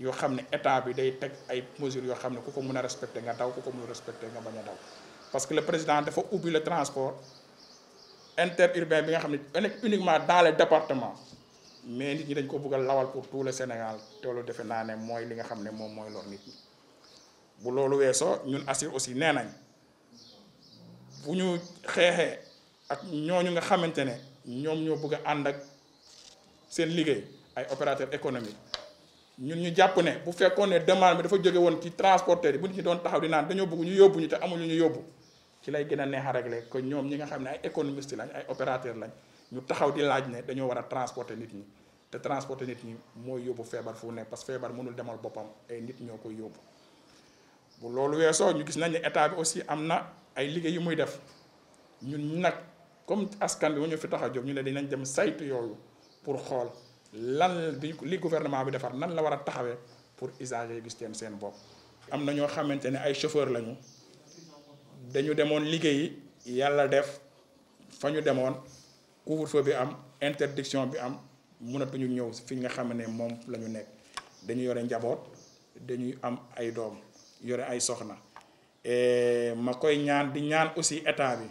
yoo xam ne état bi day teg ay mesures yoo xam ne ku ko mun a respecté nga daw ku ko mën a respecté nga bañ a daw parce que le président dafa ubbi le transport interurbain bi nga xam ne uniquement dans les département mais nit ñi dañ ko bëgg lawal pour tout le Sénégal te loolu defe naa ne mooy li nga xam ne moom mooy lor nit ñi bu loolu weesoo ñun ASIR aussi nee nañ bu ñu xeexee ak ñooñu nga xamante ne ñoom ñoo bëgg a ànd ak seen liggéey ay opérateurs économiques ñun ñu jàpp ne bu fekkoon ne demande bi dafa jóge woon ci transporteur yi bu ñu ci doon taxaw di naan dañoo bëgg ñu yóbbu ñu te amuñu ñu yóbbu ci lay gën a neex regle réglé ñoom ñi nga xam ne ay économiste lañ ay opérateur lañ ñu taxaw di laaj ne dañoo war a transporter nit ñi te transporter nit ñi mooy yóbbu feebar fu ne parce que feebar mënul demal boppam ay nit ñoo koy yóbbu bu loolu weesoo ñu gis nañ ne état bi aussi am na ay liggéey yu muy def ñun nag comme askan bi ma fi tax a jóg ñu ne dinañ dem saytu yooyu pour xool lan bi li gouvernement bi defar nan la war a taxawee pour usager yi seen seen bopp. am na ñoo xamante ne ay chauffeur lañu dañu demoon liggéeyi yàlla def fa ñu demoon couvre bi am interdiction bi am mënatuñu ñëw fi nga xam ne moom la ñu nekk dañu yore njaboot dañuy am ay doom yore ay soxna ma koy ñaan di ñaan aussi état bi.